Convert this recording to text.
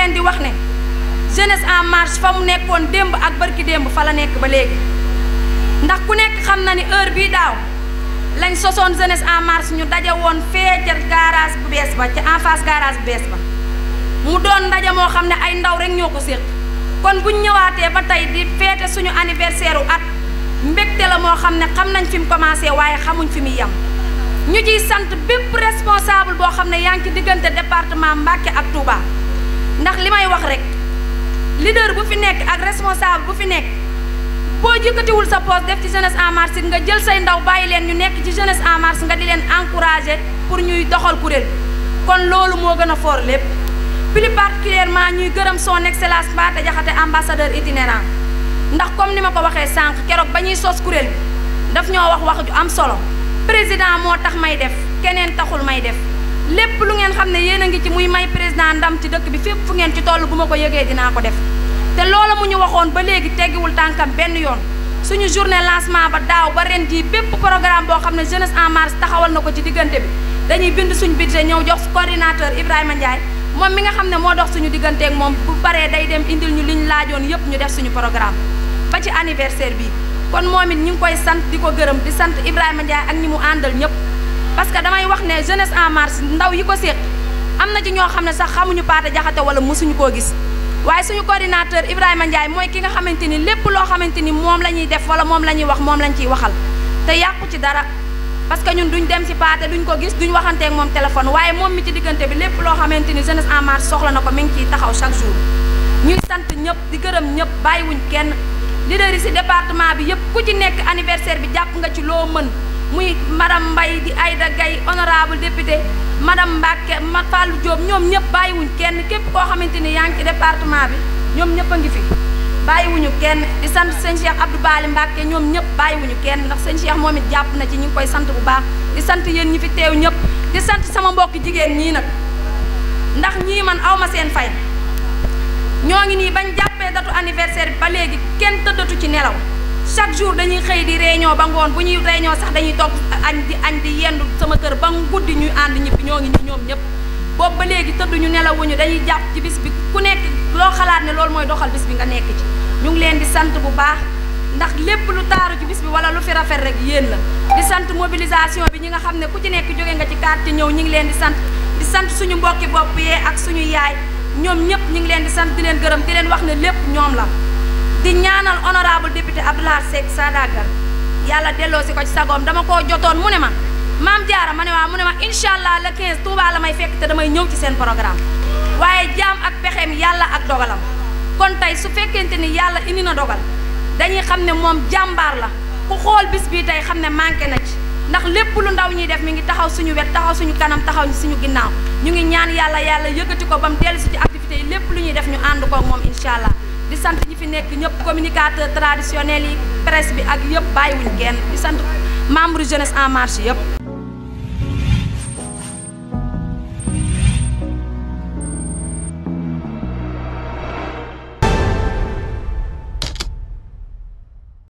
leen di wax ne jeunesse en marche fa mu nekkoon démb ak barki démb fa la nekk ba léegi ndax ku nekk xam na ni heure bii daaw lañ sosoon jeunesse en marche ñu daje woon fee garage bu bees ba ci en face garage bu bees ba mu doon ndaje moo xam ne ay ndaw rek ñoo ko séq kon buñ ñëwaatee ba tey di feete suñu anniversaire at mbégte la moo xam ne xam nañ fi mu commencé waaye xamuñ fi muy yem ñu ciy sant bépp responsable boo xam ne yaa ngi ci diggante département Mbacké ak Touba ndax li may wax rek leader bu fi nekk ak responsable bu fi nekk boo jëkkatiwul sa poste def ci jeunesse en marche nga jël say ndaw bàyyi leen ñu nekk ci jeunesse en marche nga di leen encourager pour ñuy doxal kuréel kon loolu moo gën a fort lépp plus particulièrement ñuy gërëm soo son excellence Mbathia Diakhaté ambassadeur itinérant ndax comme ni ma ko waxee sànq keroog ba ñuy sos kuréel bi daf ñoo wax wax ju am solo président moo tax may def keneen taxul may def lépp lu ngeen xam ne yéen a ngi ci muy may président ndam ci dëkk bi fépp fu ngeen ci toll bu ma ko yëgee dinaa ko def te loola mu ñu waxoon ba léegi teggiwul tànkam benn yoon suñu journée lancement ba daaw ba ren jii bépp programme boo xam ne jeunesse en marche taxawal na ko ci diggante bi dañuy bind suñu budget ñëw jox coordinateur Ibrahima Ndiaye moom mi nga xam ne moo dox suñu digganteek moom bu paree day dem indil ñu liñ laajoon yëpp ñu def suñu programme ba ci anniversaire bi kon moom it ñu koy sant di ko gërëm di sant Ibrahima Ndiaye ak ñi mu àndal ñëpp parce que damay wax ne jeunesse en marche ndaw yi ko séq am na ci ñoo xam ne sax xamuñu Pathé Diakhaté wala mësuñu koo gis waaye suñu coordinateur Ibrahima Ndiaye mooy ki nga xamante ni lépp loo xamante ni moom lañuy def wala moom la ñuy wax moom lañ ciy waxal te yàqu ci dara parce que ñun duñu dem ci paate duñ ko gis duñ waxanteeg moom téléphone waaye moom mi ci diggante bi lépp loo xamante ni jeunesse en marche soxla na ko mi ngi ciy taxaw chaque jour ñuy sant ñëpp di gërëm ñëpp bàyyiwuñ kenn leader yi ci département bi yëpp ku ci nekk anniversaire bi jàpp nga ci loo mën muy madame mbay di ayda gay honorable député madame Mbacke ma Fallou ñoom ñëpp bàyyiwuñ kenn képp koo xamante ni yaa ngi ci département bi ñoom ñëpp a ngi fi bàyyiwuñu kenn di sant sëñ Cheikh Abdou Bali Mbacke ñoom ñëpp bàyyiwuñu kenn ndax sëñ Cheikh moom it jàpp na ci ñu koy sant bu baax di sant yéen ñi fi teew ñëpp di sant sama mbokk jigéen ñii nag ndax ñii man awma seen fay ñoo ngi nii bañ jàppee datu anniversaire bi ba léegi kenn tëddatu ci nelaw chaque jour dañuy xëy di réunion ba ngoon bu ñuy réunion sax dañuy toog añ di añ di yendu sama kër ba guddi ñu ànd ñibbi ñoo ngi ñoom ñëpp boobu ba léegi tëdduñu nelawuñu dañuy jàpp ci bis bi ku nekk loo xalaat ne loolu mooy doxal bis bi nga nekk ci ñu ngi leen di sant bu baax ndax lépp lu taaru ci bis bi wala lu fi rafet rek yéen la di sant mobilisation bi ñi nga xam ne ku ci nekk jóge nga ci quartier ñëw ñu ngi leen di sant sant suñu mbokki bopp yee ak suñu yaay ñoom ñëpp ñu ngi leen di sant di leen gërëm di leen wax ne lépp ñoom la di ñaanal honorable député Abdoulaye Seck Sadagar yàlla delloo si ko ci sagoom dama koo jotoon mu ne ma maam jaara ma ne waa mu ne ma incha la le 15 la may fekk te damay ñëw ci seen programme waaye jaam ak pexeem yàlla ak dogalam kon tey su fekkente ni yàlla indi na dogal dañuy xam ne moom jàmbaar la ku xool bis bii tey xam ne manqué na ci ndax lépp lu ndaw ñuy def mi ngi taxaw suñu wet taxaw suñu kanam taxaw suñu ginnaaw ñu ngi ñaan yàlla yàlla yëkkati ko dellu si ci activités yi lépp lu ñuy def ñu ànd koog moom incha allah di sant ñi fi nekk ñëpp communicateur traditionnel yi presse bi ak yëpp bàyyiwuñ kenn di sant membre jeunesse en marché yëpp